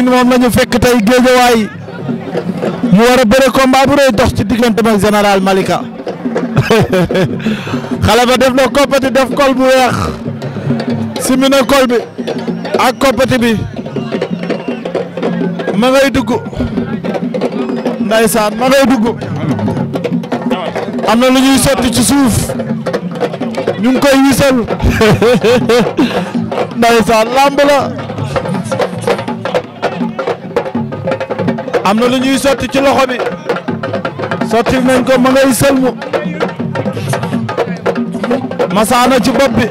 nii moom la fekk tey géejawaay ñu war a bëre combat bu rëy dox ci diggante ma général Malika xale ba def na koppati def kol bu weex simi kol bi ak koppati bi ma ngay dugg ndaysaan ma ngay dugg am na lu ñuy sotti ci suuf ñu ngi koy wisal ndaysaan lamb la am na lu ñuy sotti ci loxo bi sotti nañ ko ma ngay sëlmu masaana ci bopp bi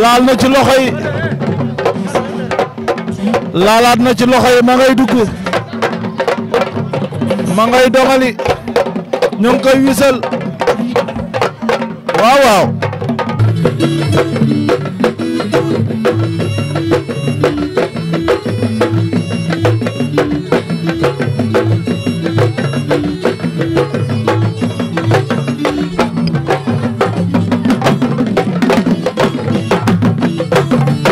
laal na ci loxo yi laalaat na ci loxo yi ma ngay dugg ma ngay dongali ñu ngi koy wisal waaw waaw thank you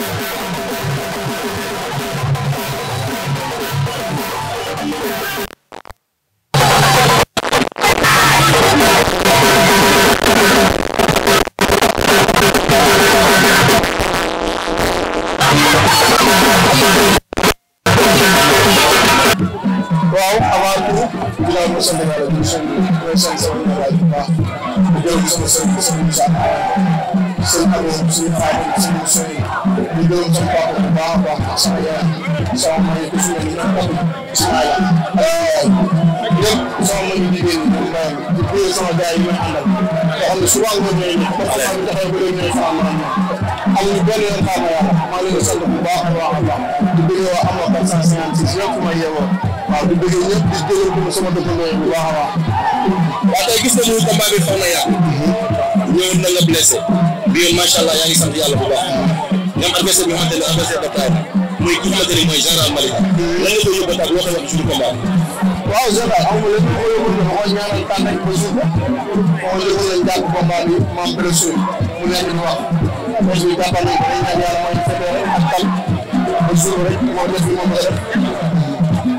Moussa sëñ Aliou suñu xaar suñu sori ñu doon suñu papa bu baax a baax sama yaay sama mayu ku suñu ñu naan papa sama yaay lépp sama mayu jigéen ñi mbay di bëgg sama gars yi ma àndal nga xam ne souvent ma ñëwee ñu ko xam ne dafay bëgg ñëw sama maam amuñu benn yoon xaar ma yàlla maa leen di sant bu baax a baax a baax di bëgg waa am na quatre cent cinquante six yëpp ma yeewoo waaw di bëgg ñëpp di jëlal ko sama dëkkandoo yi bu baax a baax waaw tey gis nañu combat bi xaw na yàqu ñoom it nga blessé bii macha allah yaa ngi sant yàlla bu baax ñoom adversaire bi nga xamante ne adversaire de taille muy ki nga xam mooy général Malick lan nga koy yóbbu ak loo koy wax suñu combat. waaw général amul lépp lu ko yóbbu dafa ko ñaanal tànn ak ba suuf moo yóbbu lañ jàpp combat bi maam blessure mu nekk di wax parce que jàppal nañ ko dañ ñaan yàlla mooy fekkee rek ak tal ba suuf rek moo def li moom la def.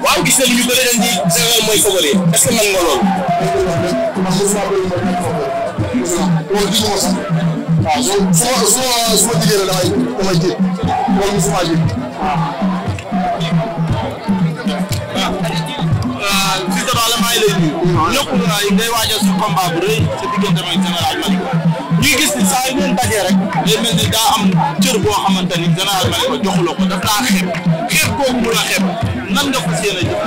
waaw gis nañu ñu bëri nañ di général mooy favori est ce que man nga loolu. loolu gisuma sax waaw loolu su ma su ma su ma jigéen la damay damay jéem loolu gisuma jéem waaw. waaw Cissé Ba la maa ngi lay nuyu. ñëpp ngay waajal sa combat bu rëy sa diggante ak Général Malick ñuy gis ni saa yu ngeen dajee rek day mel ni daa am cër boo xamante ni général Malika joxuloo ko daf laa xeeb xeeb kooku mu la xeeb nan nga fas yéene jëf.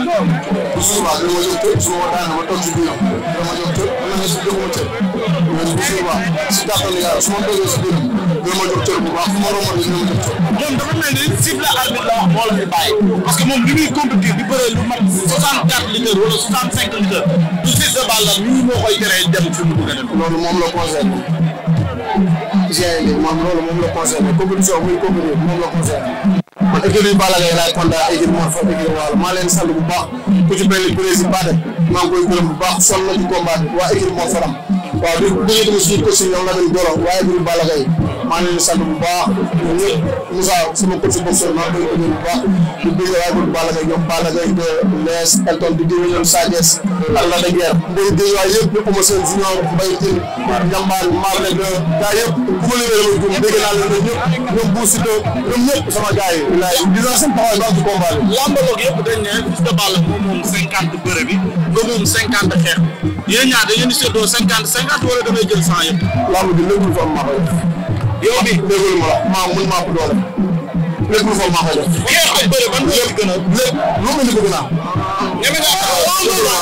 bu subaa dina ma jox tër su ma daan ma toog ci biir dina ma jox tër dina ma jox tër mais bu subaa si gàttal yàlla su ma toogee si biir dina ma jox tër bu baax su ma romb dina ma jox tër. moom dafa mel ni cible arbitre la wax moo la fi bàyyi parce que moom li muy compétir di bëree lu mat 64 litres wala 65 litres du Fils de Balla la nii moo koy teree dem fi mu bëgg a dem. loolu moom la conseil GIE moom loolu moom la concerné compétition muy compétir moom la concerné. man équipe yi Balla Gaye laay a équipe Mor Fodé équipe Waalo maa leen sant bu baax ku ci mel ni président Bade maa ngi koy gërëm bu baax sonn na ci combat waa équipe Mor Fodam waaw di bu ñu demee suñu coach ñoom la doon góor waaye équipe Balla Gaye maa ngi leen di sant bu baax ñun ñëpp Moussa sama coach boxeur maa ngi koy bu baax di dégg waaye kon Balla Gaye ñoom Balla Gaye de Lees Elton di dégg ñoom Sa Thiès ak Lac de Guiers mbay dégg waaye yëpp ñu commencé junior mbay jël njambaar maar ne de gars yëpp ku ma limee damay juum dégg naa leen ñoom ñëpp ñoom bu si ñoom ñëpp sama gars yi laay di doon seen taxawaay baax ci combat bi lambaloog yëpp dañ ne Fils de Balla moom moom cinquante bëre bi nga moom cinquante xeex yéen ñaar da ngeen di séddoo cinquante cinquante wala damay jël cent yëpp lamb bi léegi lu fa am yow bi déggul ma la maa mun maa ko doole lépp lu foog maa koy def. ngeen xam bëri ban lépp gën a lépp lu mu indi ko gën a am. ñeme nga xam loolu la.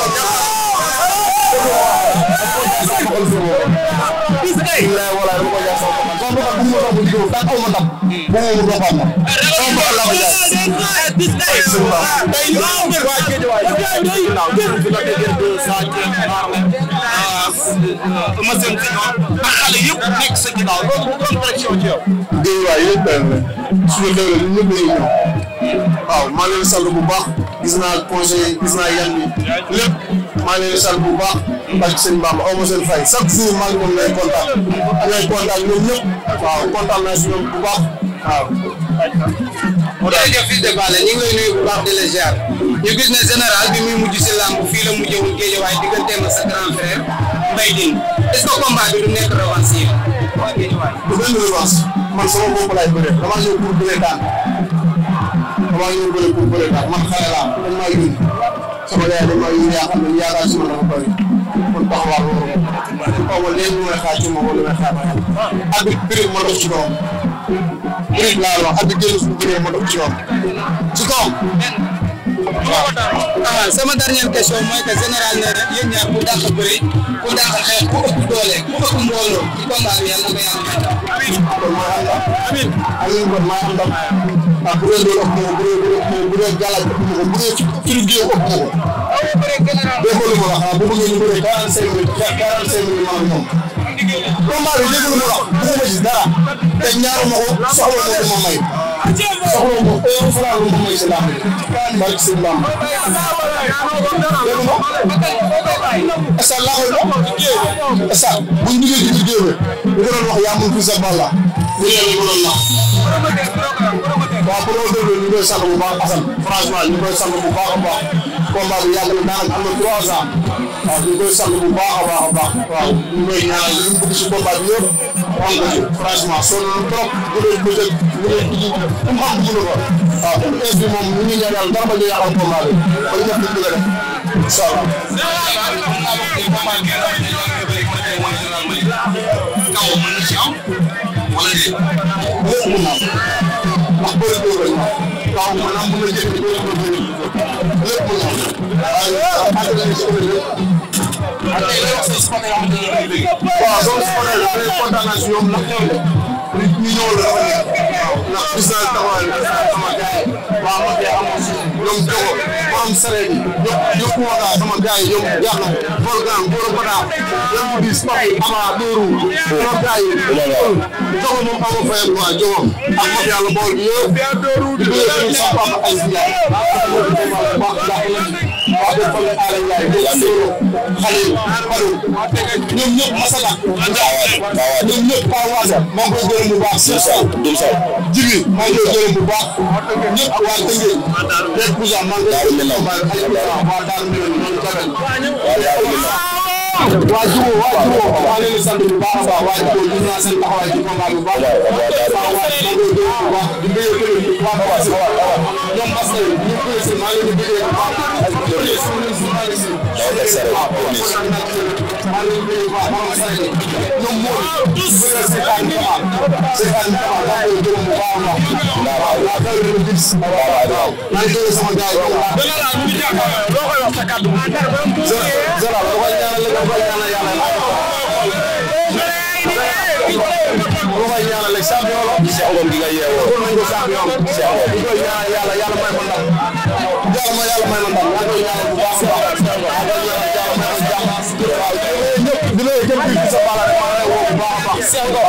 Eumeu Sène Junior ak xale yëpp nekk sa ginnaaw loolu loolu pression ci yow. géej waay yëpp benn suñu doole ñun ñëpp dañuy ñëw waaw maa leen sant bu baax gis naa conseil gis naa yan bi lépp maa leen sant bu baax. parce que sëñ Bamba aw ma seen maa ngi moom lay kontaan lay kontaan ñoom ñëpp waaw kontaan naa si bu baax waaw. de Balla ñu ngi lay nuyu bu baax di la ñu gis ne général bi muy mujj si làmb fii la mujjee woon géej waaye digganteem ak sa grand frère Mbaye Dine est-ce que combat bi du nekk revanche si yow. du benn revanche man sama bopp laay bëree damaa ñëw pour bëree daan damaa ñëw bëre pour bëree daan man xale laa dañ maa yónni sama gars yi dañ maa yónni yaa xam ne yaakaar si man dafa bëri kon taxawaar loolu xaw ma leen ñu may xaar ci moom wala may xaar ma xel ak bëri ma dox ci doom bëri laa wax ak génn su bëree ma dox ci doom ci doom ah sama dernière question mooy que général nee na yéen ñaar ku dàq bëri ku dàq ku ëpp ku doole ëpp moo bu dee bu dee galaaj ëpp moo bu dee kii kii ëpp moo déggoo lu ma wax ah bu bëggee ñu bëree 45 minutes 45 minutes maa ngi ñoom combat bi déggoo lu ma soxla wu ko un franc lu mu si làmb barke si làmb dégg nga est-ce que laaxoy na est-ce que buñ duggee ci biir géewe bu ko doon wax yaa mun fii sa balla bu yàlla bu doon nax waaw pour loolu déglu ñu koy sant bu baax Assane franchement ñu koy sant bu baax a baax combat bi yàgg na daanaka am na trois ans waaw ñu koy sant bu baax a baax a baax waaw ñu koy ñaanal ñu bëgg si combat bi yëpp engrais franchement sonn trop bu dee bu dee bu dee dugub bi mu xam dugub la quoi waaw heure bi moom ñu ngi ñaanal dara ba ñu yàqal combat bi ba ñu def li ñu bëgg a def incha allah. lépp mën naa wax bëri dóor la ñu waaw mën naa mën na jënd bëri dóor la ñu lépp mën naa waaye ak ay wax si suba yoo xam ne dañoo liggéey. waaw donc suba yooyu dafay kontaan naa si ñoom ndax ñoom nit ñi ñëwoon dafa nekk. waaw ndax gis naa taxawaay gis naa sama gars yi. waaw man de am na si ñoom Jogo ma am saree bi ñoom ñëpp moo tax sama gars yi ñoom yàq na ko. Volcan Goro Bada. ñoom di Spap Ama Dóoru. sama gars yi. Jogo moom amoo fayal quoi Jogo. ak ma yàlla bool bi yëpp. di bëgg sama papa Aziz Ndiaye. Abdou Kolle Aly Ndiaye ñoom Soro Khalil Fadou ñoom ñëpp Masala. ñoom ñëpp Paa Waasa maa ngi koy gërëm bu baax. Dum Saw Dum Saw. Jibi maa ngi koy gërëm bu baax. ñëpp waa Tëngéej. Léegi Moussa maa ngi koy gërëm bu baax. waa Darou Minane ñoom Jabel. waa Darou Minane. waa Diouf waa Diouf maa ngi leen di sant bu baax a baax waa Diouf gis naa seen taxawaay ci combat bu baax. waaw waaw waaw waaw maa ngi koy gërëm bu baax di bëggee kër yi bu baax a baax. ñoom Masala yi ñu ngi koy si maa ngi leen di bëggee bu baax. police Daouda Sare police Seex Ngom gi nga yeewoo Seex Ngom yàlla yàlla may ko ndam yàlla mooy yàlla may ma ndam maa ngi koy ñaanal bu baax a baax maa ngi koy ñaanal yàlla may ma jàmm waaw ñëpp di lay jëm bi sa bala rek maa ngi lay woo bu baax a baax Sengo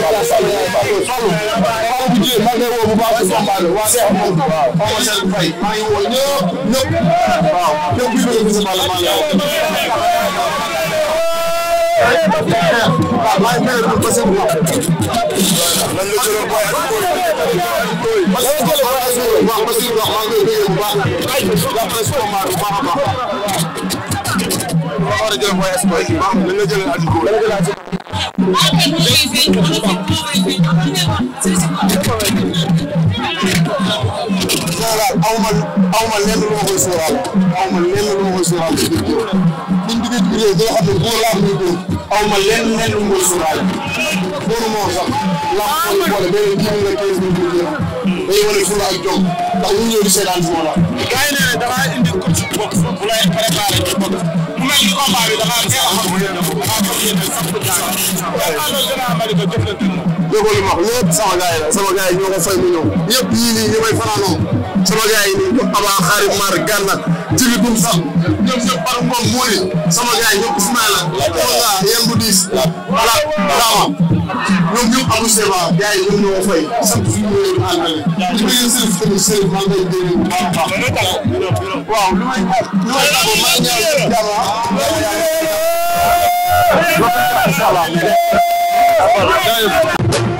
yàlla sàmm yaay Fatou Fallou Fallou bu jiyee maa ngi lay woo bu baax ci combat bi waa Cheikh Mbour waaw Omar Cheikh Faye maa ngi woo ñëpp ñëpp waaw ñëpp bi bëgg sa bala maa ngi lay woo waaw maa ngi mel ni ay jàppale si combat bu baax a baax. war a jël mooy espoir bi baax na la jëlee at bi la jëlee at bi. Sénégal aw ma aw ma lenn lu ma koy sóoraal aw ma lenn lu ma koy sóoraal ci biir góor buñ duggee ci biir góor xam ne góor laa xam ne góor aw ma lenn lenn lu ma koy sóoraal góor moo sax laa ko boole beneen kii bi nga 15 minutes day wane fulla ak jom ndax ñu ñëw di seetaan si ma la gars yi nee nañ damaa indi coach bu bopp bu lay préparé ci bopp mu mel ni combat bi damaa teel a xam damaa fas yéene sax bu jàng vraiment loolu gën a amal ko jëflante moom. déggoo li ma wax lépp sama gars yi la sama gars yi ñoo ko fay mu ñëw ñëpp yii nii ñu may fanaanoo sama gars yi ñoom Aba Xarim Mar Gànna Jili Dum sax ñoom ñëpp par moom muuri sama gars yi ñoom Ismaila Konga yéen bu diis voilà dama ñoom ñëpp amu seba gars yi ñoom ñoo fay sant suñu wéeru àndale di bëgg Serif tamit Serif maa ngay dégg bu baax a baax waaw li may li may tàggoo maa ñaan jàmm ah